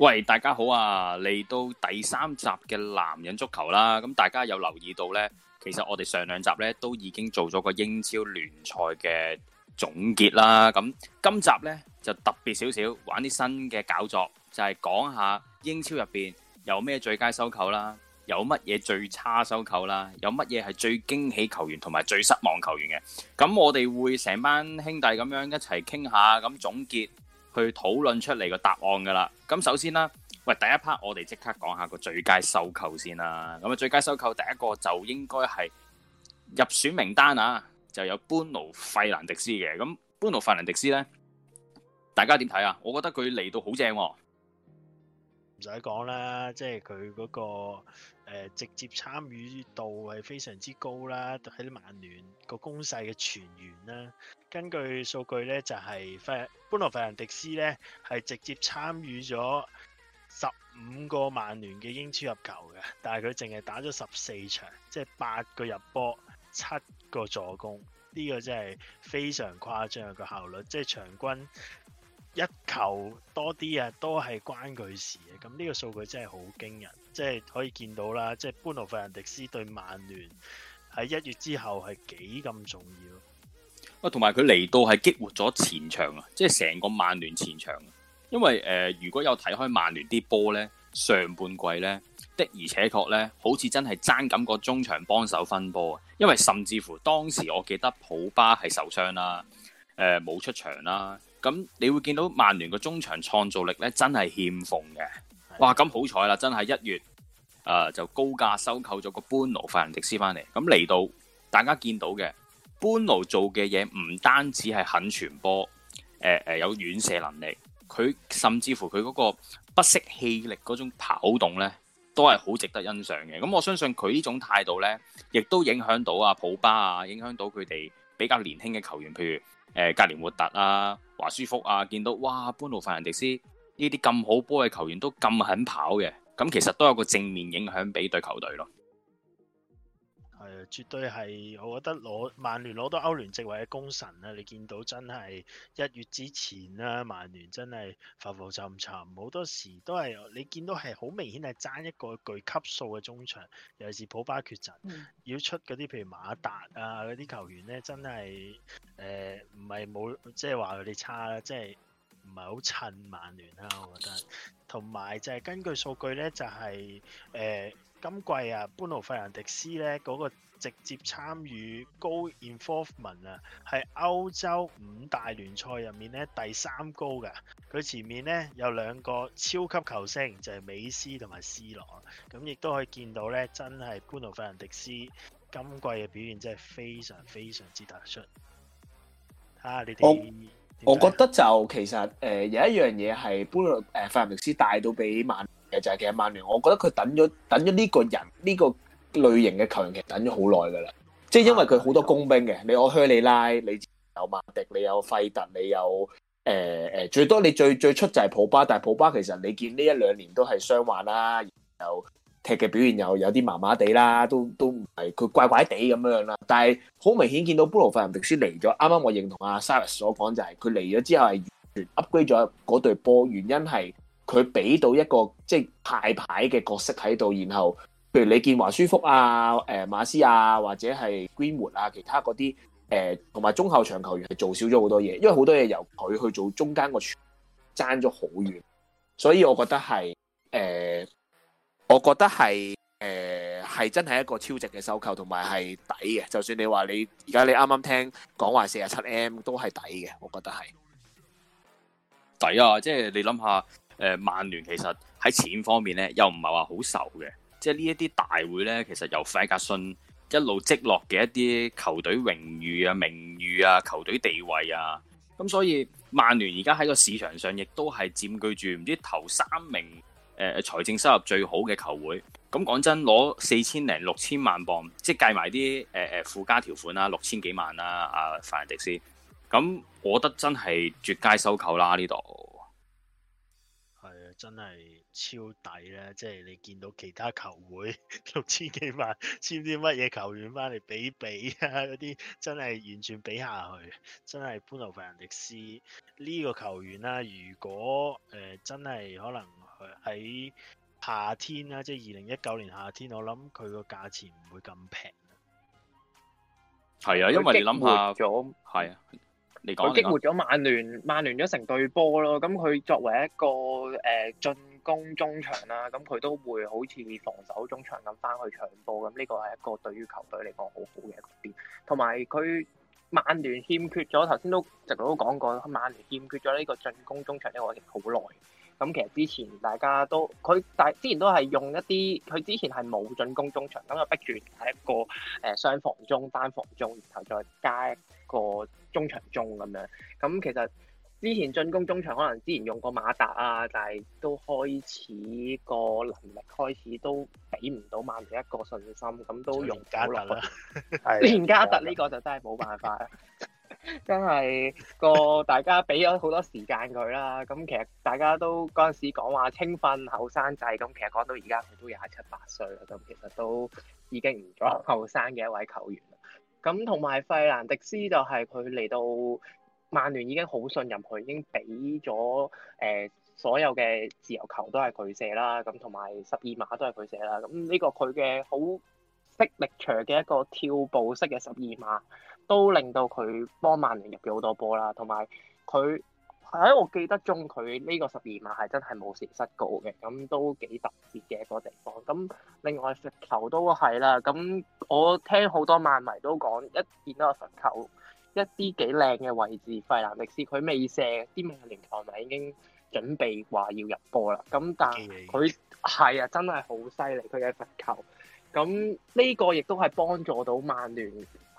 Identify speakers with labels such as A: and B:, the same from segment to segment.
A: 喂，大家好啊！嚟到第三集嘅男人足球啦，咁大家有留意到咧？其實我哋上兩集咧都已經做咗個英超聯賽嘅總結啦。咁今集咧就特別少少，玩啲新嘅搞作，就係講下英超入邊有咩最佳收購啦，有乜嘢最差收購啦，有乜嘢係最驚喜球員同埋最失望球員嘅。咁我哋會成班兄弟咁樣一齊傾下，咁總結，去討論出嚟個答案㗎啦。咁首先啦，喂，第一 part 我哋即刻講下個最佳收購先啦。咁啊，最佳收購第一個就應該係入選名單啊，就有般奴費南迪斯嘅。咁般奴費南迪斯呢，大家點睇啊？我覺得佢嚟到好正，唔
B: 使講啦，即係佢嗰個直接參與度係非常之高啦，喺曼聯個攻勢嘅全員啦。根據數據呢、就是，就係費本拿費蘭迪斯呢係直接參與咗十五個曼聯嘅英超入球嘅，但係佢淨係打咗十四場，即係八個入波，七個助攻。呢、這個真係非常誇張嘅個效率，即係場均。一球多啲啊，都係關佢事啊！咁呢個數據真係好驚人，即係可以見到啦，即係般奴費南迪斯對曼聯喺一月之後係幾咁重要。
A: 同埋佢嚟到係激活咗前場啊！即係成個曼聯前場，因為誒、呃、如果有睇開曼聯啲波呢，上半季呢的而且確呢，好似真係爭緊個中場幫手分波啊！因為甚至乎當時我記得普巴係受傷啦、啊，冇、呃、出場啦、啊。咁你會見到曼聯個中場創造力咧，真係欠奉嘅。哇！咁好彩啦，真係一月、呃，就高價收購咗個班奴法蘭迪斯翻嚟。咁嚟到大家見到嘅班奴做嘅嘢，唔單止係肯傳波，呃，有遠射能力，佢甚至乎佢嗰個不惜氣力嗰種跑動咧，都係好值得欣賞嘅。咁我相信佢呢種態度咧，亦都影響到啊普巴啊，影響到佢哋比較年輕嘅球員，譬如，誒格連活特啊，華舒福啊，見到哇，搬路弗蘭迪斯呢啲咁好波嘅球員都咁肯跑嘅，咁其實都有個正面影響俾隊球隊囉。
B: 絕對係，我覺得攞曼聯攞到歐聯席位嘅功臣啦！你見到真係一月之前啦，曼聯真係浮，浮浮沉沉，好多時都係你見到係好明顯係爭一個巨級數嘅中場，尤其是普巴缺陣，嗯，要出嗰啲譬如馬達啊嗰啲球員呢，真係，誒唔係冇即係話佢哋差啦，即係唔係好襯曼聯啦，啊，我覺得。同埋就係根據數據呢，就係、是、誒、呃、今季啊，般奴費蘭迪斯呢嗰，那個。直接參與 goal involvement 啊，係歐洲五大聯賽入面咧第三高嘅。佢前面咧有兩個超級球星，就係美斯同埋 C 羅。咁亦都可以見到咧，真係布魯諾費蘭迪斯今季嘅表現真係非常非常之突出。
C: 啊，你哋我我覺得就其實誒有一樣嘢係布魯諾誒費蘭迪斯帶到俾曼，就係其實曼聯，我覺得佢等咗等咗呢個人呢個。類型嘅球員其實等咗好耐㗎啦，即係因為佢好多工兵嘅，你有靴里拉，你有馬迪，你有費特，你有誒誒、呃，最多你最最出就係普巴，但係普巴其實你見呢一兩年都係傷患啦，然後踢嘅表現又有啲麻麻地啦，都都唔係佢怪怪地咁樣啦，但係好明顯見到布魯費林迪斯嚟咗，啱啱我認同阿 Cyrus 所講就係佢嚟咗之後係完全 upgrade 咗嗰隊波，原因係佢俾到一個即係、就是、派牌嘅角色喺度，然後。譬如李健華舒服啊，誒馬斯啊，或者係 Greenwood 啊，其他嗰啲誒，同、呃、埋中後場球員係做少咗好多嘢，因為好多嘢由佢去做中間個場，爭咗好遠，所以我覺得係誒、呃，我覺得係誒係真係一個超值嘅收購，同埋係抵嘅。就算你話你而家你啱啱聽講話四十七 M 都係抵嘅，我覺得係
A: 抵啊！即係、就是、你諗下，誒、呃、曼聯其實喺錢方面咧，又唔係話好愁嘅。即係呢一啲大會呢，其實由費格遜一路積落嘅一啲球隊榮譽啊、名譽啊、球隊地位啊，咁所以曼聯而家喺個市場上亦都係佔據住唔知頭三名誒、呃、財政收入最好嘅球會。咁講真，攞四千零六千萬鎊，即係計埋啲誒誒附加條款啦、啊，六千幾萬啦、啊，阿、啊、費蘭迪斯。咁我覺得真係絕佳收購啦呢度。
B: 係啊，真係。超抵啦！即係你見到其他球會六千幾萬簽啲乜嘢球員返嚟比比啊！嗰啲真係完全比下去，真係。布魯奴費南迪斯呢個球員啦，如果誒、呃、真係可能喺夏天啦，即係二零一九年夏天，我諗佢個價錢唔會咁平。
A: 係啊，因為你諗下，係啊，你講，佢激活咗
D: 曼聯，曼聯咗成隊波咯。咁佢作為一個誒進。呃進攻中場啦，咁佢都會好似防守中場咁翻去搶波咁，呢個係一個對於球隊嚟講好好嘅一個點。同埋佢曼聯欠缺咗，頭先都直佬都講過，曼聯欠缺咗呢個進攻中場呢個嘢好耐。咁其實之前大家都佢，但之前都係用一啲，佢之前係冇進攻中場，咁就逼住係一個誒雙防中單防中，然後再加一個中場中咁樣。咁其實。之前進攻中場可能之前用過馬達啊，但係都開始個能力開始都俾唔到曼聯一個信心，咁都用唔到落。係。連加特呢個就真係冇辦法， 真係個大家俾咗好多時間佢啦。咁其實大家都嗰陣時講話青訓後生仔，咁其實講到而家佢都廿七八歲啦，咁其實都已經唔咗後生嘅一位球員啦。咁同埋費蘭迪斯就係佢嚟到。曼聯已經好信任佢，已經俾咗誒所有嘅自由球都係佢射啦，咁同埋十二碼都係佢射啦。咁呢個佢嘅好識力場嘅一個跳步式嘅十二碼，都令到佢幫曼聯入咗好多波啦。同埋佢喺我記得中佢呢個十二碼係真係冇失失過嘅，咁都幾特別嘅一個地方。咁另外罰球都係啦，咁我聽好多曼迷都講，一見到個罰球。一啲幾靚嘅位置，費南迪斯佢未射，啲曼聯球迷已經準備話要入波啦。咁但係佢係啊，真係好犀利佢嘅罰球。咁呢個亦都係幫助到曼聯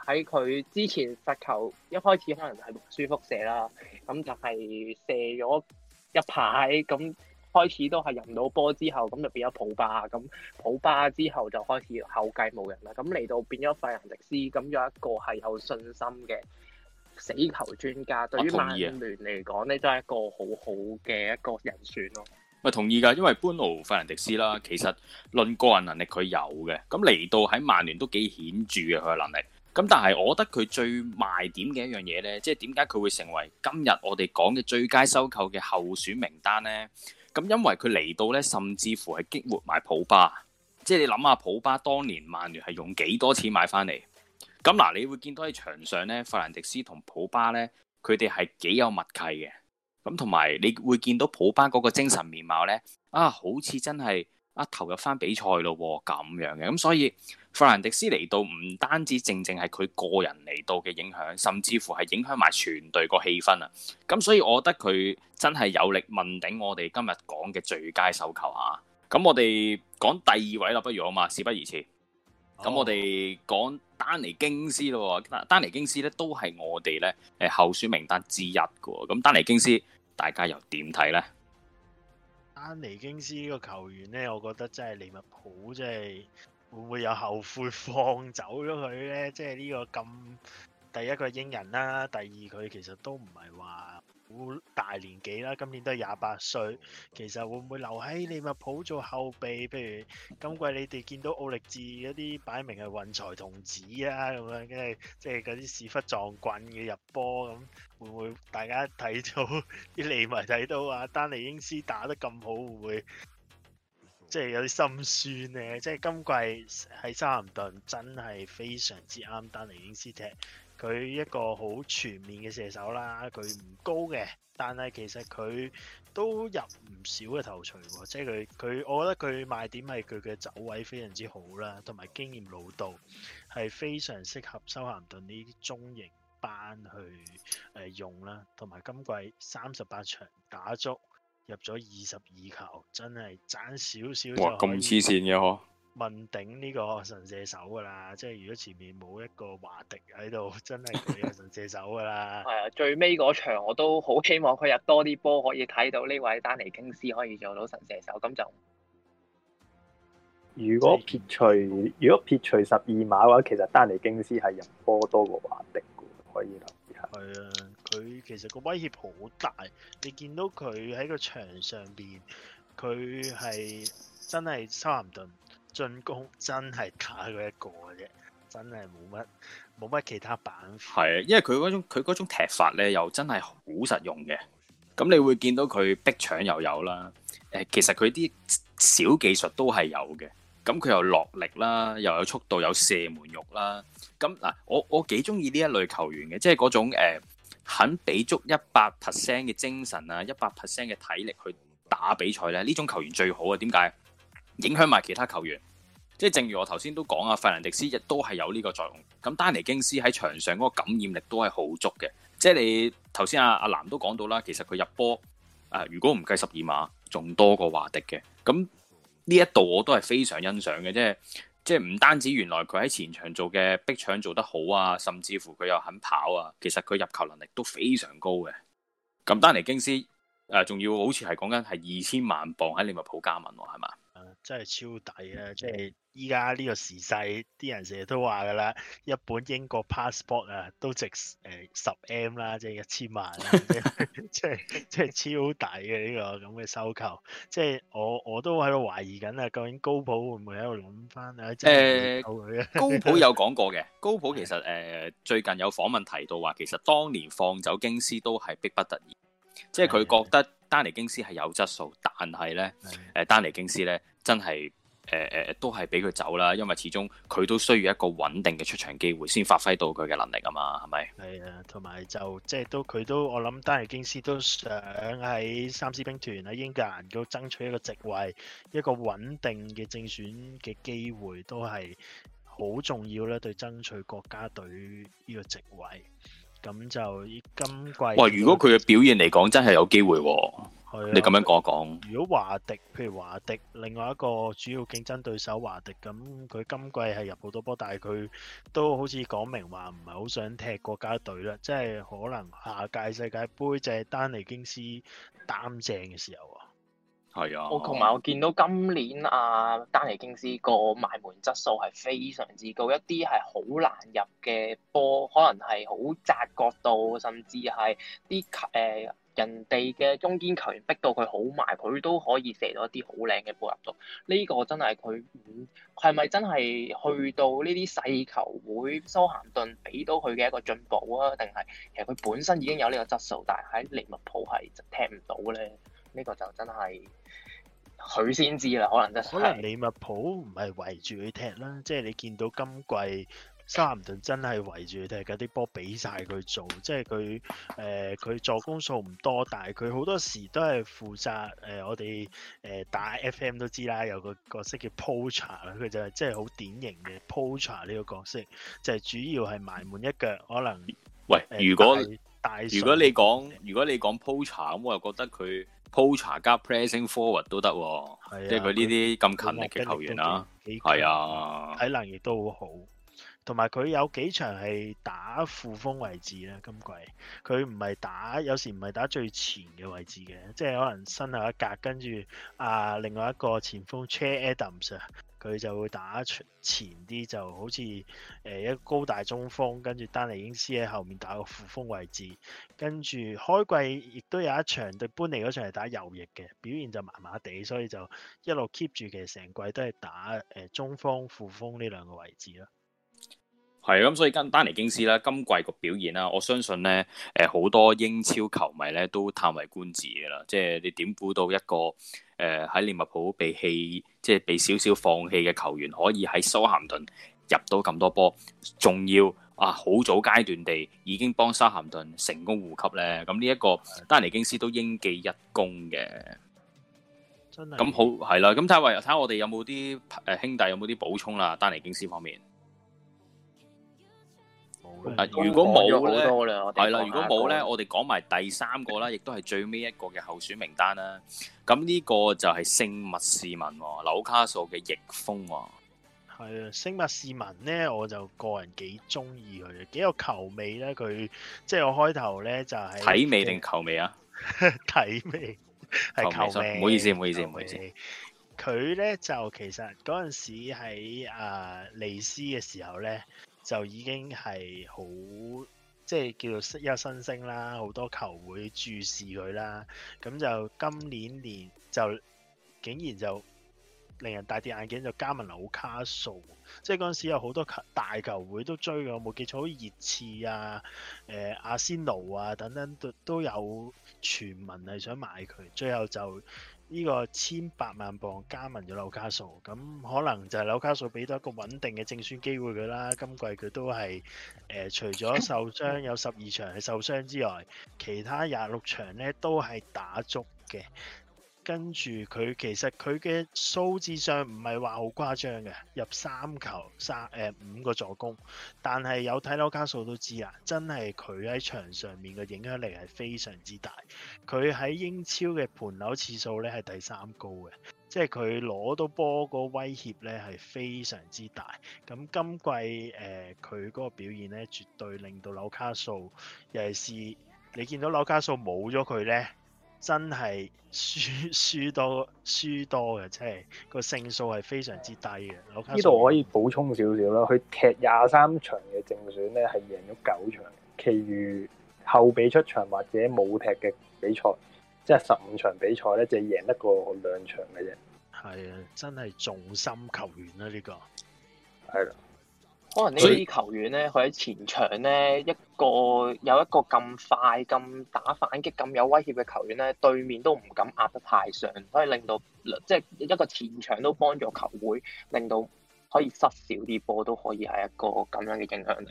D: 喺佢之前罰球一開始可能係舒服射啦，咁就係射咗一排咁。開始都係入唔到波之後，咁就變咗普巴，咁普巴之後就開始後繼無人啦。咁嚟到變咗費蘭迪斯，咁有一個係有信心嘅死球專家，對於曼聯嚟講呢都係一個好好嘅一個人
A: 選咯。咪同意㗎，因為般奴費蘭迪斯啦，其實論個人能力佢有嘅，咁嚟到喺曼聯都幾顯著嘅佢嘅能力。咁但係我覺得佢最賣點嘅一樣嘢呢，即係點解佢會成為今日我哋講嘅最佳收購嘅候選名單呢？咁因為佢嚟到呢，甚至乎係激活埋普巴，即係你諗下普巴當年曼聯係用幾多錢買翻嚟？咁嗱，你會見到喺場上呢，弗蘭迪斯同普巴呢，佢哋係幾有默契嘅。咁同埋，你會見到普巴嗰個精神面貌呢，啊，好似真係啊投入翻比賽咯咁樣嘅。咁所以。弗蘭迪斯嚟到，唔單止正正係佢個人嚟到嘅影響，甚至乎係影響埋全隊個氣氛啊！咁所以我覺得佢真係有力問鼎我哋今日講嘅最佳收購啊！咁我哋講第二位啦，不如啊嘛，事不宜遲，咁、哦、我哋講丹尼京斯咯，丹尼京斯呢都係我哋呢誒候選名單之一噶。咁丹尼京斯大家又點睇呢？
B: 丹尼京斯呢個球員呢，我覺得真係利物浦真係。會唔會有後悔放走咗佢呢？即係呢個咁第一個英人啦，第二佢其實都唔係話好大年紀啦，今年都係廿八歲。其實會唔會留喺利物浦做後備？譬如今季你哋見到奧力治嗰啲擺明係運財童子啊，咁樣跟住即係嗰啲屎忽撞棍嘅入波咁，會唔會大家睇到啲 利物浦睇到阿丹尼英斯打得咁好，會唔會？即係有啲心酸咧、啊，即係今季喺修咸頓真係非常之啱丹尼英斯踢，佢一個好全面嘅射手啦，佢唔高嘅，但係其實佢都入唔少嘅頭槌喎，即係佢佢，我覺得佢賣點係佢嘅走位非常之好啦，同埋經驗老道，係非常適合修咸頓呢啲中型班去誒用啦，同埋今季三十八場打足。入咗二十二球，真係爭少少。哇，咁黐線嘅嗬！問鼎呢個神射手噶啦，即係如果前面冇一個華迪喺度，真係佢係神射手
D: 噶啦。係 啊，最尾嗰場我都好希望佢入多啲波，可以睇到呢位丹尼京斯可以做到神射手。咁就
E: 如果撇除，如果撇除十二碼嘅話，其實丹尼京斯係入波多過華迪嘅，可以留意
B: 下。係啊。佢其實個威脅好大，你見到佢喺個場上邊，佢係真係三頓進攻，真係打佢一個嘅啫，真係冇乜冇乜其他板
A: 塊。係，因為佢嗰種佢嗰種踢法咧，又真係好實用嘅。咁你會見到佢逼搶又有啦，誒，其實佢啲小技術都係有嘅。咁佢又落力啦，又有速度，有射門肉啦。咁嗱，我我幾鍾意呢一類球員嘅，即係嗰種誒。肯俾足一百 percent 嘅精神啊，一百 percent 嘅體力去打比賽咧，呢種球員最好啊。點解？影響埋其他球員，即係正如我頭先都講啊，費蘭迪斯亦都係有呢個作用。咁丹尼京斯喺場上嗰個感染力都係好足嘅。即係你頭先阿阿藍都講到啦，其實佢入波啊，如果唔計十二碼，仲多過華迪嘅。咁呢一度我都係非常欣賞嘅，即係。即係唔單止原來佢喺前場做嘅逼搶做得好啊，甚至乎佢又肯跑啊，其實佢入球能力都非常高嘅。咁丹尼京斯誒仲要好似係講緊係二千萬磅喺利物浦加盟喎，啊，係嘛？
B: 真係超抵啊！即係依家呢個時勢，啲人成日都話噶啦，一本英國 passport 啊，都值誒十 M 啦，即係一千萬，即係即係超抵嘅呢個咁嘅收購。即係我我都喺度懷疑緊啊，究竟高普會唔會喺度諗返啊？誒、欸， 高普有
A: 講過嘅，高普其實誒、呃、最近有訪問提到話，其實當年放走京斯都係迫不得已。即係佢覺得丹尼京斯係有質素，是但係呢，誒、呃，丹尼京斯呢真係，誒、呃、誒，都係俾佢走啦，因為始終佢都需要一個穩定嘅出場機會，先發揮到佢嘅能力啊嘛，係咪？係啊，同
B: 埋就即係都佢都，我諗丹尼京斯都想喺三獅兵團喺英格蘭嗰度爭取一個職位，一個穩定嘅正選嘅機會，都係好重要啦，對爭取國家隊呢個職位。咁就今季喂，如果佢
A: 嘅表現嚟講真係有機會喎，係啊。你咁樣講一講，
B: 如果華迪，譬如華迪，另外一個主要競爭對手華迪，咁佢今季係入好多波，但係佢都好似講明話唔係好想踢國家隊啦。即係可能下屆世界盃就係丹尼京斯擔正嘅時候。啊。
D: 係啊，我同埋我見到今年阿、啊、丹尼京斯個賣門質素係非常之高，一啲係好難入嘅波，可能係好窄角度，甚至係啲誒人哋嘅中堅球員逼到佢好埋，佢都可以射到一啲好靚嘅波入到。呢、呢個真係佢，係、嗯、咪真係去到呢啲細球會，修咸頓俾到佢嘅一個進步啊？定係其實佢本身已經有呢個質素，但係喺利物浦係踢唔到咧？呢、這個就真係佢先知啦，可能真、就、係、是。可能
B: 利物浦唔係圍住佢踢啦，即係你見到今季沙雲頓真係圍住佢踢，嗰啲波俾晒佢做。即係佢誒佢助攻數唔多，但係佢好多時都係負責誒、呃、我哋誒、呃、打 FM 都知啦，有個角色叫 Poacher，佢就係即係好典型嘅 Poacher 呢個角色，就係、是、主要係埋門一腳。可能
A: 喂、呃，如果大，大如果你講如果你講 Poacher 咁，我又覺得佢。p 鋪茶加 pressing forward 都得，啊啊，即係佢呢啲咁勤力嘅球員啦，啊，
B: 係啊，體能亦都好好，同埋佢有幾場係打副鋒位置咧，今季佢唔係打，有時唔係打最前嘅位置嘅，即係可能身後一格，跟住啊另外一個前鋒 Che Adams 啊。佢就會打前啲，就好似誒一個高大中鋒，跟住丹尼英斯喺後面打個副鋒位置。跟住開季亦都有一場對班尼嗰場係打右翼嘅表現就麻麻地，所以就一路 keep 住其實成季都係打誒中鋒副鋒呢兩個位置咯。
A: 係咁、嗯、所以跟丹尼英斯啦，今季個表現啦，我相信咧誒好多英超球迷咧都歎為觀止嘅啦，即係你點估到一個？誒、呃、喺利物浦被棄，即係被少少放棄嘅球員，可以喺蘇咸頓入到咁多波，仲要啊好早階段地已經幫沙咸頓成功護級咧。咁呢一個丹尼京斯都應記一功嘅。真係咁好係啦。咁睇下喂，睇下我哋有冇啲誒兄弟有冇啲補充啦，丹尼京斯方面。如果冇咧，係啦。如果冇咧，我哋講埋第三個啦，亦都係最尾一個嘅候選名單啦。咁呢個就係聖物市民紐卡素嘅逆風。
B: 係啊，聖物市民咧，我就個人幾中意佢嘅，幾有球味咧。佢即係我開頭咧就係睇味定球味啊？睇味係球味。唔好
A: 意思，唔好意思，唔好意思。
B: 佢咧就其實嗰陣時喺啊尼斯嘅時候咧。就已經係好即係叫做一新星啦，好多球會注視佢啦。咁就今年年就竟然就令人大跌眼鏡，就加盟紐卡素。即係嗰陣時有好多大球會都追佢，冇記錯，好似熱刺啊、誒、呃、阿仙奴啊等等都都有傳聞係想買佢，最後就。呢、這個千八萬鎊加盟咗紐卡素，咁可能就係紐卡素俾到一個穩定嘅正選機會佢啦。今季佢都係、呃、除咗受傷有十二場係受傷之外，其他廿六場呢都係打足嘅。跟住佢，其實佢嘅數字上唔係話好誇張嘅，入三球三、呃、五個助攻，但係有睇紐卡數都知啊，真係佢喺場上面嘅影響力係非常之大。佢喺英超嘅盤球次數咧係第三高嘅，即係佢攞到波個威脅咧係非常之大。咁今季佢嗰、呃、個表現咧，絕對令到紐卡數，尤其係你見到紐卡數冇咗佢咧。真係輸輸多輸多嘅，即係個勝數係非常之低嘅。呢度我可以
E: 補充少少啦，佢踢廿三場嘅正選呢，係贏咗九場，其餘後備出場或者冇踢嘅比賽，即係十五場比賽呢就贏得
D: 過兩場嘅啫。係啊，真係
B: 重心球員啦、啊、呢個，
D: 係啦。可能呢啲球員咧，佢喺前場咧，一個有一個咁快、咁打反擊、咁有威脅嘅球員咧，對面都唔敢壓得太上，所以令到即係一個前場都幫助球會，令到可以失少啲波，都可以係一個咁樣嘅影響力。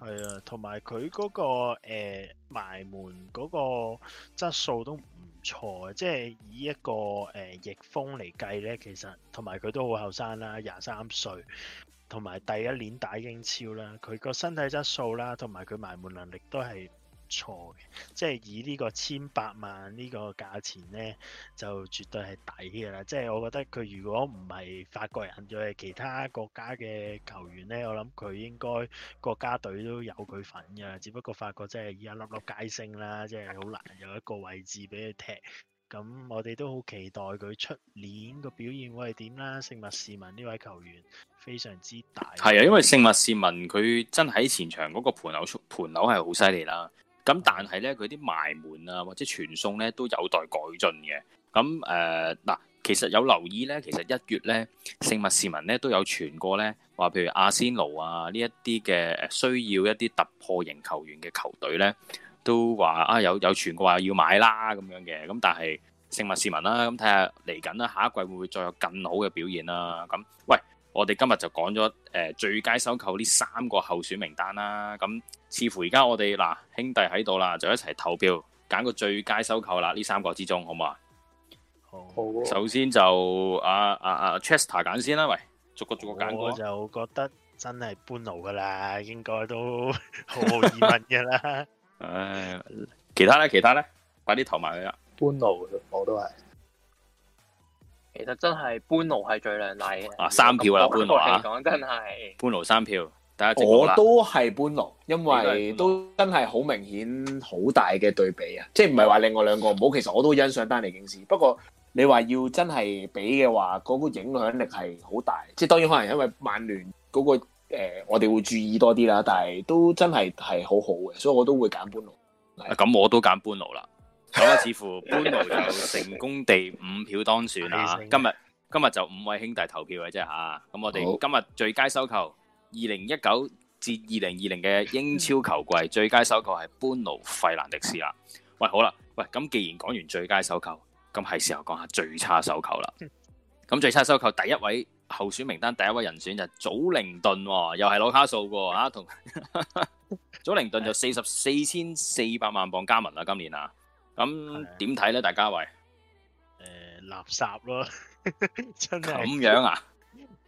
B: 係啊，同埋佢嗰個、呃、埋門嗰個質素都唔錯嘅，即係以一個誒、呃、逆風嚟計咧，其實同埋佢都好後生啦，廿三歲。同埋第一年打英超啦，佢個身體質素啦，同埋佢埋門能力都係錯嘅，即係以呢個千八萬呢個價錢呢，就絕對係抵嘅啦。即係我覺得佢如果唔係法國人，又係其他國家嘅球員呢，我諗佢應該國家隊都有佢份噶。只不過法國真係而家粒粒皆星啦，即係好難有一個位置俾佢踢。咁我哋都好期待佢出年個表現會係點啦！聖物市民呢位球員非常之大，
A: 係啊，因為聖物市民佢真喺前場嗰個盤樓出盤樓係好犀利啦。咁但係呢，佢啲埋門啊，或者傳送呢都有待改進嘅。咁誒嗱，其實有留意呢，其實一月呢聖物市民呢都有傳過呢話，譬如阿仙奴啊呢一啲嘅需要一啲突破型球員嘅球隊呢。都話啊有有傳過話要買啦咁樣嘅，咁但係聖物市民啦，咁睇下嚟緊啦，下一季會唔會再有更好嘅表現啦？咁、嗯、喂，我哋今日就講咗誒、呃、最佳收購呢三個候選名單啦。咁、嗯、似乎而家我哋嗱、啊、兄弟喺度啦，就一齊投票揀個最佳收購啦，呢三個之中好唔好啊？好。首先就啊，啊，啊 Chester 揀先啦，喂，逐個逐個揀。我
B: 就覺得真係搬佬㗎啦，應該都毫無疑問
A: 嘅啦。 唉，其他咧，其他咧，快啲投埋佢啦！
D: 班奴我都係，其實真係班奴係最靚麗啊！
A: 三票啊，班奴嚟講真係，班奴三票，大家都我都
C: 係班奴，因為都真係好明顯，好大嘅對比啊！即係唔係話另外兩個唔好，其實我都欣賞丹尼警示，不過你話要真係比嘅話，嗰個影響力係好大。即係當然可能因為曼聯嗰個。誒、呃，我哋會注意多啲啦，但係都真係係好好嘅，
A: 所以我都會揀班奴。咁我都揀班奴啦。咁啊，好啦，似乎班奴就成功地五票當選啦。 今日今日就五位兄弟投票嘅啫吓，咁、啊、我哋今日最佳收購二零一九至二零二零嘅英超球季 最佳收購係班奴費蘭迪斯啦。喂，好啦，喂，咁既然講完最佳收購，咁係時候講下最差收購啦。咁最差收購第一位。候選名單第一位人選就祖靈頓，又係攞卡數喎嚇，同祖靈頓就四十四千四百萬磅加盟啦，今年啊，咁點睇咧，大家位？
B: 誒、呃，垃圾咯，真係咁樣啊？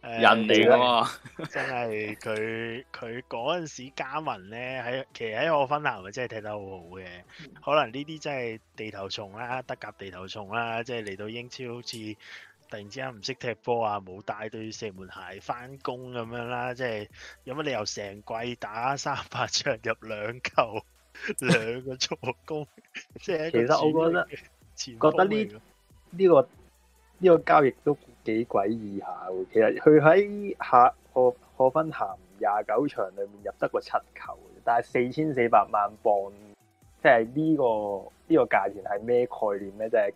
A: 呃、人哋喎、
B: 啊，真係佢佢嗰陣時加盟咧，喺其實喺賀芬咸咪真係踢得好好嘅，可能呢啲真係地頭蟲啦，德甲地頭蟲啦，即係嚟到英超好似。突然之間唔識踢波啊！冇帶對射門鞋翻工咁樣啦，即係有乜理由成季打三百場入兩球
E: 兩個助攻？
B: 即係其實我覺得
E: 覺得呢呢、呢個呢、呢個交易都幾詭異下喎。其實佢喺下荷荷芬咸廿九場裏面入得個七球，但係四千四百萬鎊，即係呢個呢、呢個價錢係咩概念咧？即係。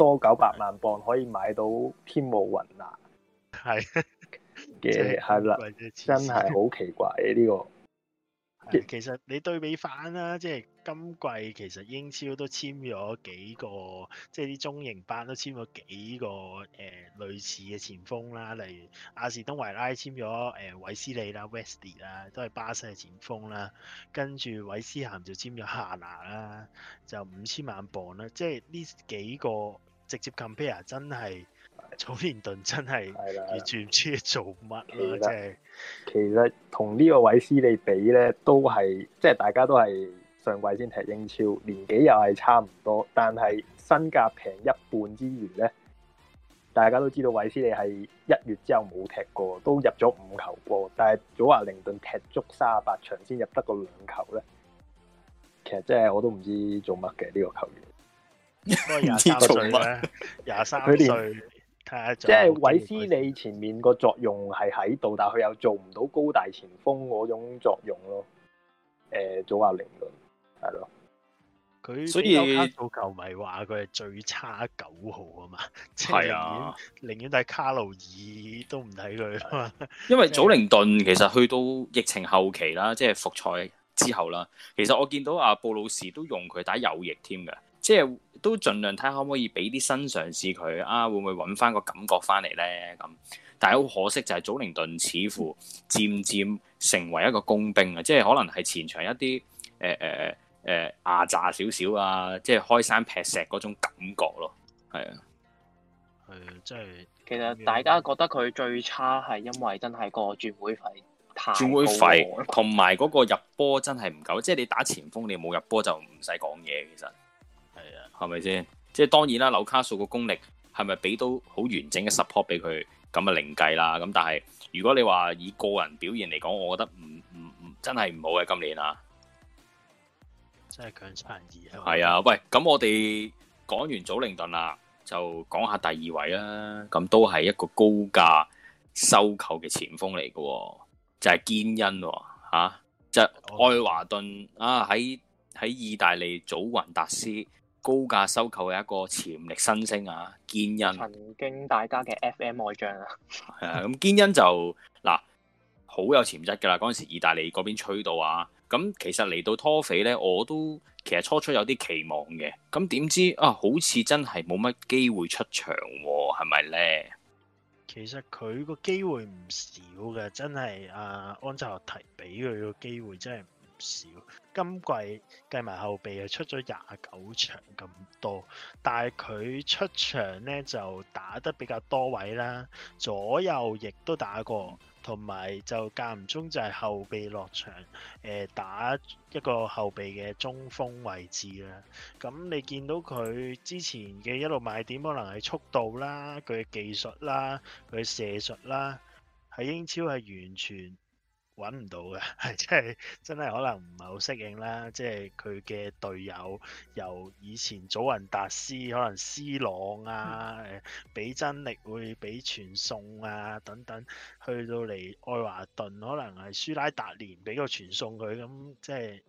E: 多九百萬鎊可以買到天母雲啊的，係嘅，係啦，真係好奇怪呢、啊這個的的。其實你對比翻
B: 啦，即、就、係、是、今季其實英超都簽咗幾個，即係啲中型班都簽咗幾個誒、呃、類似嘅前鋒啦，例如阿士東維拉簽咗誒韋斯利啦、Wesley 啊，都係巴西嘅前鋒啦。跟住韋斯咸就簽咗夏拿啦，就五千萬鎊啦，即係呢幾個。直接 compare 真係，早年頓真係完全唔知做乜啦、啊，即係
E: 其實同呢、就是、個韋斯利比咧，都係即係大家都係上季先踢英超，年紀又係差唔多，但係身價平一半之餘咧，大家都知道韋斯利係一月之後冇踢過，都入咗五球波，但係祖華靈頓踢足三十八場先入得個兩球咧，其實即、就、係、是、我都唔知做乜嘅呢個球員。
B: 應該廿三個歲咧，廿三歲。睇下即係韋斯
E: 利前面個作用係喺度，但係佢又做唔到高大前鋒嗰種作用咯。誒、呃，祖阿靈頓係咯，佢所以
B: 卡素球迷話佢係最差九號啊嘛。係、就是、啊，寧願睇卡路爾都唔睇佢，
A: 因為祖靈頓其實去到疫情後期啦，即係複賽之後啦，其實我見到阿、啊、布魯士都用佢打右翼添嘅。即係都盡量睇下可唔可以俾啲新嘗試佢啊，會唔會揾翻個感覺翻嚟咧？咁但係好可惜就係祖靈頓似乎漸漸成為一個工兵啊，即係可能係前場一啲誒誒誒誒壓榨少少啊，即係開山劈石嗰種感覺咯。係
D: 啊，係即係其實大家覺得佢最差係因為真係
A: 個轉會費太高，轉會費同埋嗰個入波真係唔夠。 即係你打前鋒，你冇入波就唔使講嘢。其實。係咪先？即係當然啦。紐卡素嘅功力係咪俾到好完整嘅 support 俾佢咁啊？零計啦。咁但係如果你話以個人表現嚟講，我覺得唔唔唔真係唔好嘅。今年
B: 真是強啊，真係強
A: 差人意，係啊，喂。咁我哋講完祖靈頓啦，就講下第二位啦。咁都係一個高價收購嘅前鋒嚟嘅，就係堅恩吓，就係、愛華頓啊。喺喺意大利，祖雲達斯。高價收購嘅一個潛力新星啊，堅恩，
D: 曾經大家嘅 FM 愛將啊，
A: 係 啊，咁堅恩就嗱、啊、好有潛質噶啦，嗰陣時意大利嗰邊吹到啊，咁、啊、其實嚟到拖肥呢，我都其實初初有啲期望嘅，咁、啊、點知啊，好似真係冇乜機會出場喎、啊，係咪呢？
B: 其實佢個機會唔少嘅，真係啊，安哲羅提俾佢個機會真係。今季計埋後備係出咗廿九場咁多，但係佢出場呢就打得比較多位啦，左右亦都打過，同埋就間唔中就係後備落場，誒打一個後備嘅中鋒位置啦。咁你見到佢之前嘅一路賣點可能係速度啦，佢嘅技術啦，佢嘅射術啦，喺英超係完全。揾唔到嘅，係即係真係可能唔係好適應啦。即係佢嘅隊友由以前祖雲達斯可能 C 朗啊，誒、嗯、俾真力會俾傳送啊等等，去到嚟愛華頓可能係舒拉達連俾個傳送佢，咁即係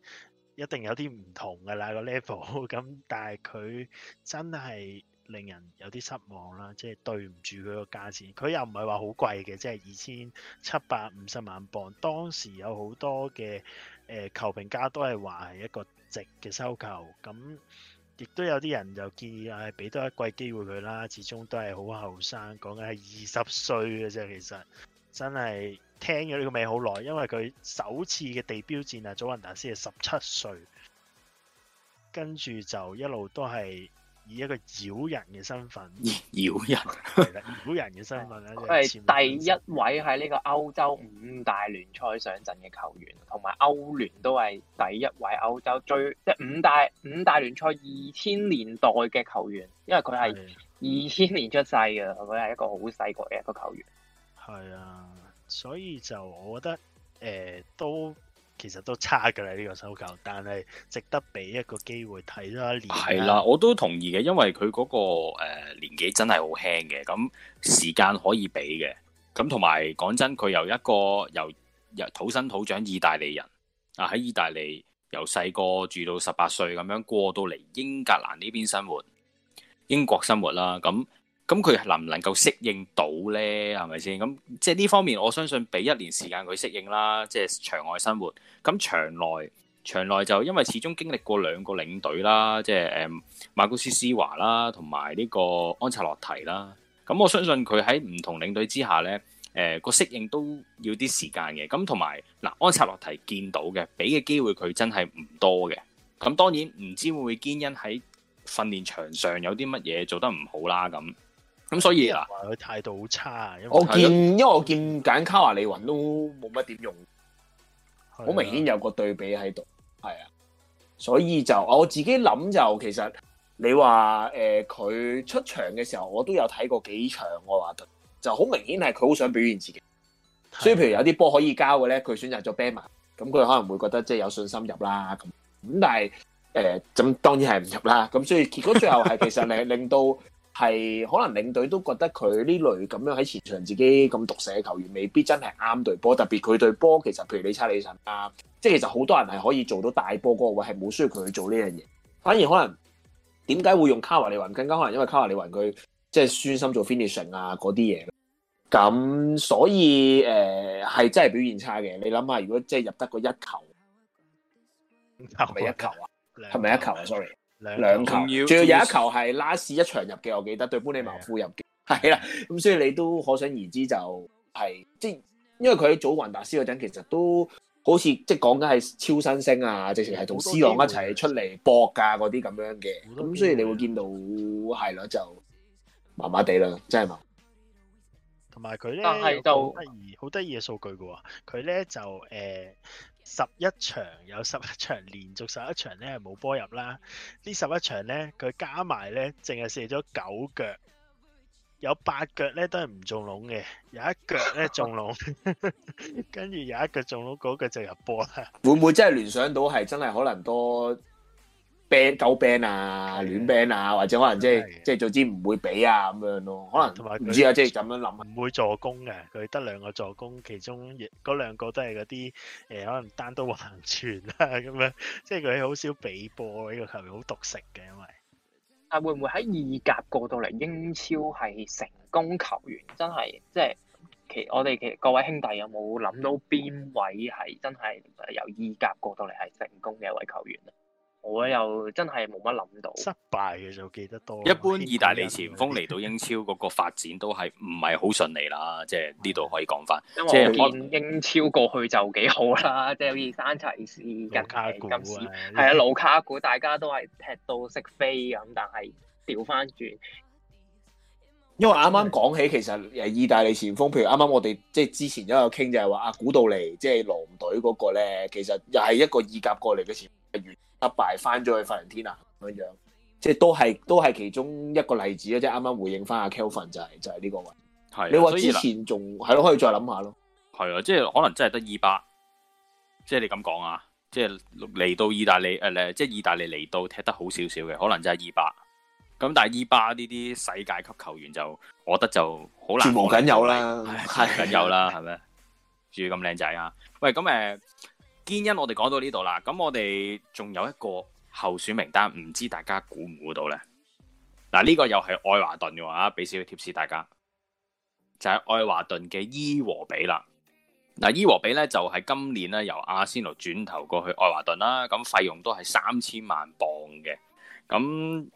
B: 一定有啲唔同嘅啦個 level 那。咁但係佢真係。令人有啲失望啦，即係對唔住佢個價錢，佢又唔係話好貴嘅，即係二千七百五十萬磅。當時有好多嘅誒球評家都係話係一個值嘅收購，咁亦都有啲人就建議，誒俾多一季機會佢啦。始終都係好後生，講緊係二十歲嘅啫。其實真係聽咗呢個名好耐，因為佢首次嘅地標戰啊，祖雲達斯係十七歲，跟住就一路都係。以一個妖人嘅身份，
A: 妖人
D: 嘅，妖人嘅身份咧，佢 係第一位喺呢個歐洲五大聯賽上陣嘅球員，同埋歐聯都係第一位歐洲最即係五大五大聯賽二千年代嘅球員，因為佢係二千年出世嘅，佢係一個好細個嘅一個球員。
B: 係啊，所以就我覺得誒、欸、都。其實都差嘅啦，呢、這個收購，但係值得俾一個機會睇多一年、啊。係啦，我都
A: 同意嘅，因為佢嗰個誒年紀真係好輕嘅，咁時間可以俾嘅。咁同埋講真，佢由一個由，由土生土長意大利人啊，喺意大利由細個住到十八歲咁樣過到嚟英格蘭呢邊生活，英國生活啦，咁。咁佢能唔能夠適應到呢？係咪先？咁即係呢方面，我相信俾一年時間佢適應啦，即係場外生活。咁場內，場內就因為始終經歷過兩個領隊啦，即係誒、嗯、馬高斯施華啦，同埋呢個安察洛提啦。咁我相信佢喺唔同領隊之下呢，誒、呃、個適應都要啲時間嘅。咁同埋嗱，安察洛提見到嘅，俾嘅機會佢真係唔多嘅。咁當然唔知會唔會堅因喺訓練場上有啲乜嘢做得唔好啦。咁。咁所以啊，
C: 話佢態度好差
B: 啊！我見，
A: 因為我見簡卡華利雲
C: 都冇乜點用，好明顯有個對比喺度，係啊。所以就我自己諗就其實你話誒佢出場嘅時候，我都有睇過幾場我話，就好明顯係佢好想表現自己。所以譬如有啲波可以交嘅咧，佢選擇咗啤埋，咁佢可能會覺得即係有信心入啦咁。咁但係誒，咁、呃、當然係唔入啦。咁所以結果最後係其實令令到。 係可能領隊都覺得佢呢類咁樣喺前場自己咁獨射嘅球員未必真係啱對波，特別佢對波其實譬如你查理臣啊，即係其實好多人係可以做到大波嗰個位，係冇需要佢去做呢樣嘢。反而可能點解會用卡華利雲？更加可能因為卡華利雲佢即係專心做 finishing 啊嗰啲嘢。咁所以誒係、呃、真係表現差嘅。你諗下，如果即係入得個一球，係咪一球啊？係咪一球啊？Sorry。兩球，仲有，有一球係 last 一場入嘅，我記得對般尼茅夫入嘅，係啦。咁所以你都可想而知就係、是、即係，因為佢喺祖雲達斯嗰陣其實都好似即係講緊係超新星啊，直情係同 C 朗一齊出嚟搏噶嗰啲咁樣嘅。咁、啊、所以你會見到係咯，就麻麻地啦，真係嘛？
B: 同埋佢咧，但係就好得意嘅數據嘅喎，佢咧就誒。呃十一場有十一場連續十一場咧係冇波入啦，呢十一場咧佢加埋咧淨係射咗九腳，有八腳咧都係唔中籠嘅，有一腳咧中籠， 跟住有一腳中籠，嗰一腳就入波啦。
C: 會唔會真係聯想到係真係可能多？ban 鳩 ban 啊，亂 ban 啊，或者可能即係即係早知唔會俾啊咁樣咯，可能唔知啊，即係咁
B: 樣諗，唔會助攻嘅，佢得兩個助攻，其中嗰兩個都係嗰啲誒可能單刀橫傳啊，咁樣，即係佢好
D: 少俾波呢個球員好獨食嘅，因為。但會唔會喺意甲過到嚟英超係成功球員？真係即係其我哋嘅各位兄弟有冇諗到邊位係、嗯、真係由意甲過到嚟係成功嘅一位球員咧？我又真係冇乜諗到，失敗嘅就記得多。一
A: 般意大利前鋒嚟到英超嗰個發展都係唔係好順利啦，即係呢度可以講翻。因為我見英超過去就幾好啦，即
D: 係好似山齊士、路卡
A: 古、金士，係啊，老卡
D: 古，大家都係踢到識飛咁，但係調翻轉。
C: 因為啱啱講起，其實誒意大利前鋒，譬如啱啱我哋即係之前都有傾，就係話啊，古度尼即係狼隊嗰個咧，其實又係一個意甲過嚟嘅前。失敗翻咗去佛蘭天啊，咁樣樣，即係都係都係其中一個例子啊！即係啱啱回應翻阿 Kelvin 就係、是、就係、是、呢個位，係你話之前仲係咯，可以再諗下咯。
A: 係啊，即係可能真係得伊巴，即係你咁講啊，即係嚟到意大利誒，即係意大利嚟到踢得好少少嘅，可能就係伊巴。咁但係伊巴呢啲世界級球員就，我覺得就好難，絕無僅有啦，係僅有啦，係咪？住咁靚仔啊！喂，咁誒。呃堅恩，我哋講到呢度啦，咁我哋仲有一個候選名單，唔知大家估唔估到呢？嗱，呢個又係愛華頓嘅話，俾少少貼士大家，就係、是、愛華頓嘅伊和比啦。嗱，伊和比呢，就係、是、今年呢由阿仙奴轉頭過去愛華頓啦，咁費用都係三千萬磅嘅，咁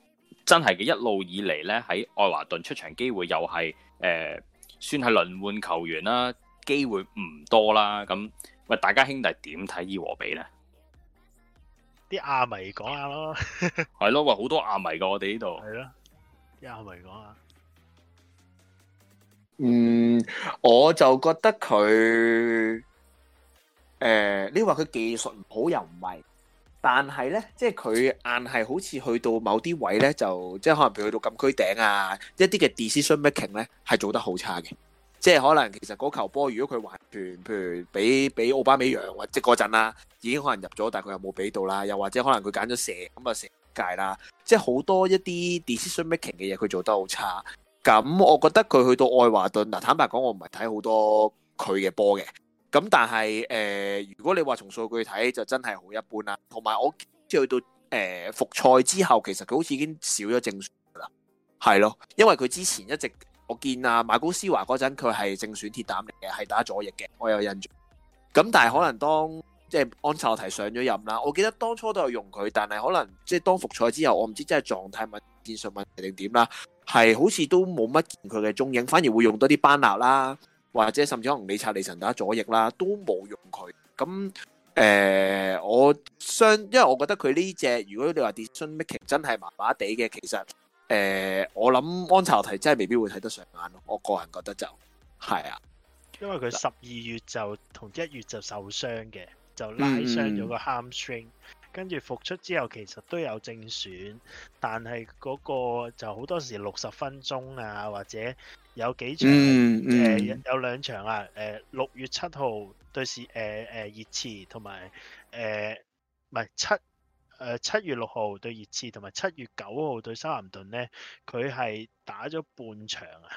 A: 真係嘅一路以嚟呢，喺愛華頓出場機會又係誒、呃，算係輪換球員啦，機會唔多啦，咁。喂，大家兄弟點睇伊和比咧？
B: 啲亞
A: 迷講下咯， 係咯？喂，好多亞迷噶，我哋呢度係咯，啲亞迷講下。
C: 嗯，我就覺得佢誒、呃，你話佢技術唔好又唔係，但係咧，即係佢硬係好似去到某啲位咧，就即係可能譬如去到禁區頂啊，一啲嘅 decision making 咧係做得好差嘅。即係可能其實嗰球波，如果佢還完，譬如俾俾奧巴美揚或者嗰陣啦，已經可能入咗，但佢又冇俾到啦？又或者可能佢揀咗射咁啊射界啦，即係好多一啲 decision making 嘅嘢，佢做得好差。咁我覺得佢去到愛華頓嗱，坦白講，我唔係睇好多佢嘅波嘅。咁但係誒，如果你話從數據睇，就真係好一般啦。同埋我去到誒復賽之後，其實佢好似已經少咗正數啦，係咯，因為佢之前一直。我見啊，馬古斯華嗰陣佢係正選鐵膽嚟嘅，係打左翼嘅，我有印象。咁但係可能當即係安察提上咗任啦，我記得當初都有用佢，但係可能即係當復賽之後，我唔知真係狀態問技術問題定點啦，係好似都冇乜見佢嘅蹤影，反而會用多啲班納啦，或者甚至可能理察利臣打左翼啦，都冇用佢。咁誒、呃，我相因為我覺得佢呢隻如果你話迪孫麥奇真係麻麻地嘅，其實。誒、呃，我諗安巢提真係未必會睇得上眼咯，我個人覺得就係啊，因為佢十二月
B: 就同一月就受傷嘅，就拉傷咗個 hamstring，跟、mm-hmm. 住復出之後其實都有正選，但係嗰個就好多時六十分鐘啊，或者有幾場誒、mm-hmm. 呃、有兩場啊，誒、呃、六月七號對、呃呃熱呃、是誒誒熱刺同埋誒唔係七。呃、七月六號對熱刺同埋七月九號對沙林頓咧，佢係打咗半場啊，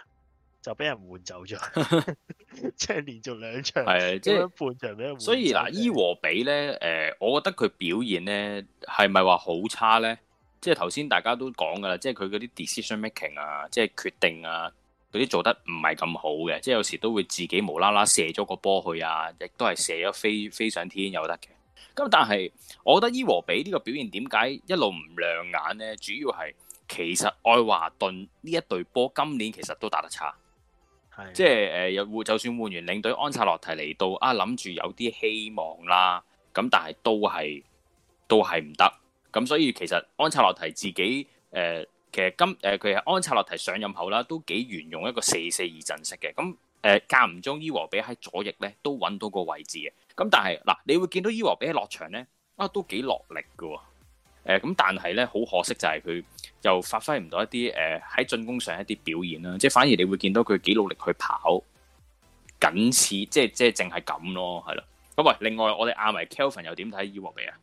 B: 就俾人換走咗，即係連續兩場，即係半場俾人換走。所以嗱，伊
A: 和比咧、呃，我覺得佢表現咧係咪話好差咧？即係頭先大家都講噶啦，即係佢嗰啲 decision making 啊，即係決定啊，嗰啲做得唔係咁好嘅，即係有時都會自己無啦啦射咗個波去啊，亦都係射咗飛，飛上天有得嘅。咁但係，我覺得伊和比呢個表現點解一路唔亮眼呢？主要係其實愛華頓呢一隊波今年其實都打得差，係，即係誒換就算換完領隊安察洛提嚟到啊，諗住有啲希望啦，咁、啊、但係都係都係唔得。咁所以其實安察洛提自己誒、呃、其實今誒佢係安察洛提上任後啦，都幾沿用一個四四二陣式嘅。咁誒間唔中伊和比喺左翼呢都揾到個位置嘅。咁但係嗱、啊，你會見到伊和比喺落場咧，啊都幾落力噶誒、啊、咁但係咧好可惜就係佢又發揮唔到一啲誒喺進攻上的一啲表現啦，即、啊、係反而你會見到佢幾努力去跑，僅此即係即係淨係咁咯，係啦。咁、啊、喂，另外我哋嗌埋 Kevin 又點睇伊和比啊？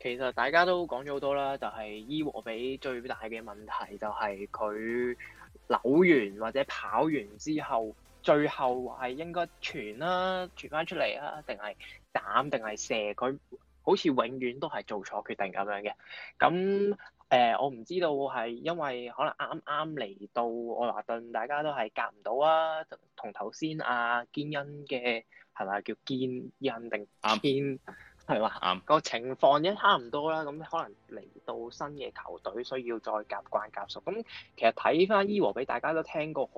D: 其實大家都講咗好多啦，就係、是、伊和比最大嘅問題就係佢扭完或者跑完之後。最後係應該傳啦、啊，傳翻出嚟啊，定係斬定係射。佢好似永遠都係做錯決定咁樣嘅。咁誒、呃，我唔知道係因為可能啱啱嚟到愛華頓，我大家都係夾唔到啊。同頭先阿堅恩嘅係咪叫堅恩定堅係嘛？啱個情況已差唔多啦。咁可能，嚟到新嘅球隊需要再夾慣夾熟。咁其實睇翻伊和，俾大家都聽過好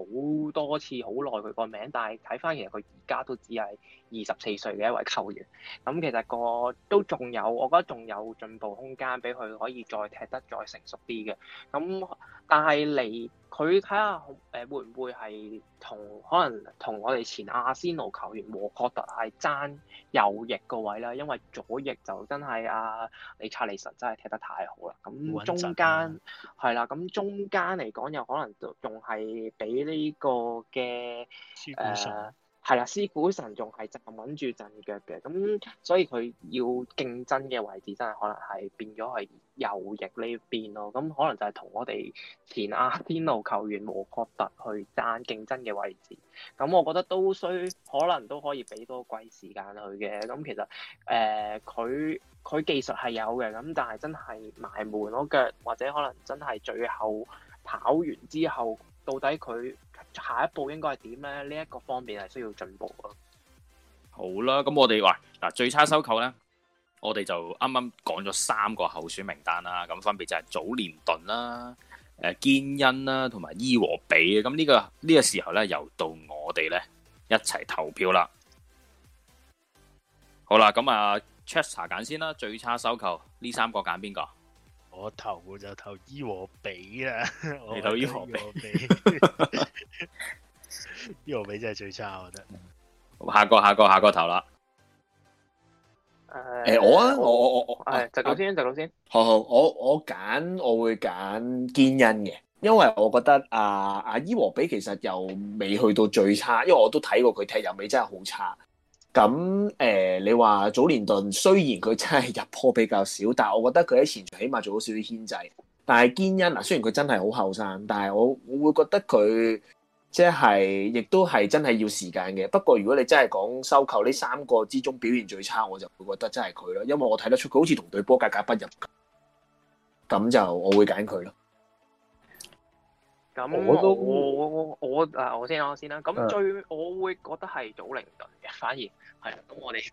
D: 多次，好耐佢個名。但係睇翻，其實佢而家都只係二十四歲嘅一位球員。咁其實個都仲有，我覺得仲有進步空間，俾佢可以再踢得再成熟啲嘅。咁但係嚟佢睇下誒會唔會係同可能同我哋前阿仙奴球員禾確特係爭右翼個位啦？因為左翼就真係阿、啊、李察利神真係踢得。太好啦！咁中間係啦，咁、啊、中間嚟講又可能仲係俾呢個嘅誒。係啦，師傅神仲係站穩住陣腳嘅，咁所以佢要競爭嘅位置真係可能係變咗係右翼呢邊咯，咁可能就係同我哋前阿仙奴球員和確特去爭競爭嘅位置，咁我覺得都需可能都可以俾多啲時間去嘅，咁其實誒佢佢技術係有嘅，咁但係真係埋門咯腳，或者可能真係最後跑完之後，到底佢？下一步應該係點咧？呢、這、一個方面係需要進步
A: 咯。好啦，咁我哋話嗱最差收購咧，我哋就啱啱講咗三個候選名單啦。咁分別就係祖連頓啦、誒堅恩啦同埋伊和比嘅。咁呢、這個呢、這個時候咧，又到我哋咧一齊投票啦。好啦，咁啊，Chester 揀先啦，最差收購呢三個揀邊個？
B: 我投就投伊和比啦，我投伊和比， 伊和比真係最差，我覺得。
A: 下個下個下個投啦。
C: 誒、嗯欸，我，我，我，我、嗯、我啊，我我、啊、我，誒，就咁先，就咁先。好好，我我揀，我會揀堅恩嘅，因為我覺得阿阿、啊、伊和比其實又未去到最差，因為我都睇過佢踢又未真係好差。咁、欸、你話祖連頓雖然佢真係入波比較少，但我覺得佢喺前場起碼做到少少牽制。但係堅恩啊，雖然佢真係好後生，但係我我會覺得佢即係亦都係真係要時間嘅。不過如果你真係講收購呢三個之中表現最差，我就會覺得真係佢咯，因為我睇得出佢好似同隊波格格不入。咁就我會揀佢咯。
D: 咁我，我都，我我我啊！我先講先啦。咁最、嗯、我會覺得係早靈頓祖靈頓嘅，反而係。咁我哋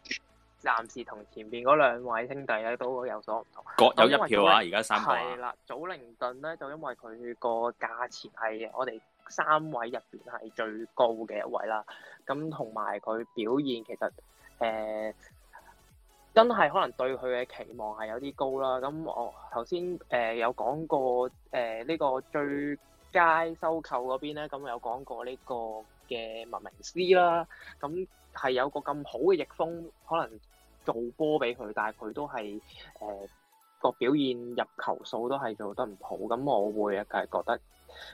D: 暫時同前邊嗰兩位兄弟咧都有所唔同。各有一票啊！而家三個啦、啊，祖靈頓咧就因為佢個價錢係我哋三位入邊係最高嘅一位啦。咁同埋佢表現其實誒、呃、真係可能對佢嘅期望係有啲高啦。咁我頭先誒有講過誒呢、呃呢個最。街收購嗰邊咧，咁有講過呢個嘅麥明詩啦，咁係有個咁好嘅逆風，可能做波俾佢，但係佢都係誒個表現入球數都係做得唔好，咁我會啊，係覺得誒呢、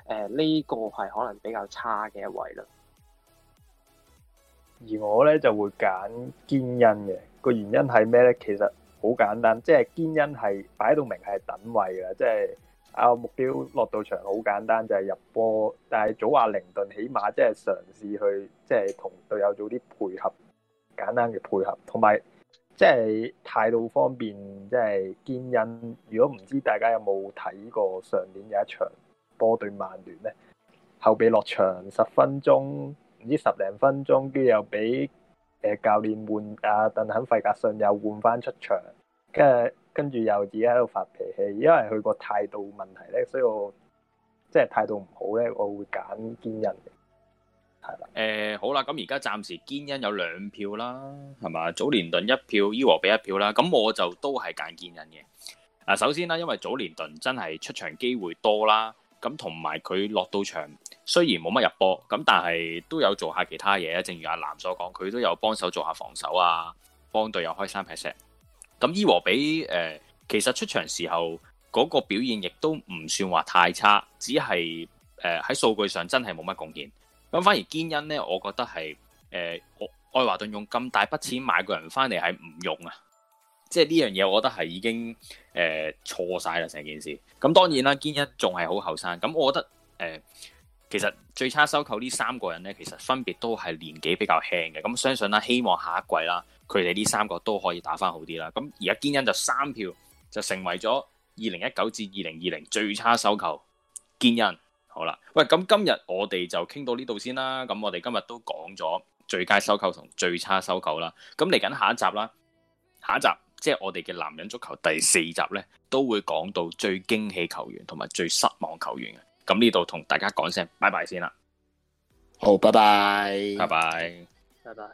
D: 呃這個係可能比較差嘅一位啦。
E: 而我咧就會揀堅恩嘅個原因係咩咧？其實好簡單，即、就、係、是、堅恩係擺到明係等位啊，即係。啊！目標落到場好簡單，就係、是、入波。但係祖亞寧頓起碼即係嘗試去即係同隊友做啲配合，簡單嘅配合，同埋即係態度方面即係堅韌。如果唔知大家有冇睇過上年有一場波對曼聯咧，後備落場十分鐘，唔知十零分鐘，跟住又俾誒教練換啊，鄧肯費格遜又換返出場，跟住。跟住又自己喺度發脾氣，因為佢個態度問題咧，所以我即係態度唔好咧，我會揀堅恩嘅，
A: 係啦。誒、呃，好啦，咁而家暫時堅恩有兩票啦，係嘛？祖連頓一票，伊和比一票啦。咁我就都係揀堅恩嘅。首先啦，因為祖連頓真係出場機會多啦，咁同埋佢落到場雖然冇乜入波，咁但係都有做下其他嘢。正如阿南所講，佢都有幫手做下防守啊，幫隊友開三匹石。咁伊和比誒、呃、其實出場時候嗰個表現亦都唔算話太差，只係誒喺數據上真係冇乜貢獻。咁反而堅恩呢，我覺得係誒愛愛華頓用咁大筆錢買個人翻嚟係唔用啊！即係呢樣嘢，我覺得係已經誒、呃、錯晒啦成件事。咁當然啦，堅恩仲係好後生。咁我覺得誒、呃、其實最差收購呢三個人呢，其實分別都係年紀比較輕嘅。咁相信啦，希望下一季啦。佢哋呢三個都可以打翻好啲啦，咁而家堅恩就三票就成為咗二零一九至二零二零最差收購，堅恩。好啦，喂，咁今日我哋就傾到呢度先啦，咁我哋今日都講咗最佳收購同最差收購啦，咁嚟緊下一集啦，下一集即係、就是、我哋嘅男人足球第四集呢，都會講到最驚喜球員同埋最失望球員嘅，咁呢度同大家講聲拜拜先啦，好，拜拜，拜拜，拜
D: 拜。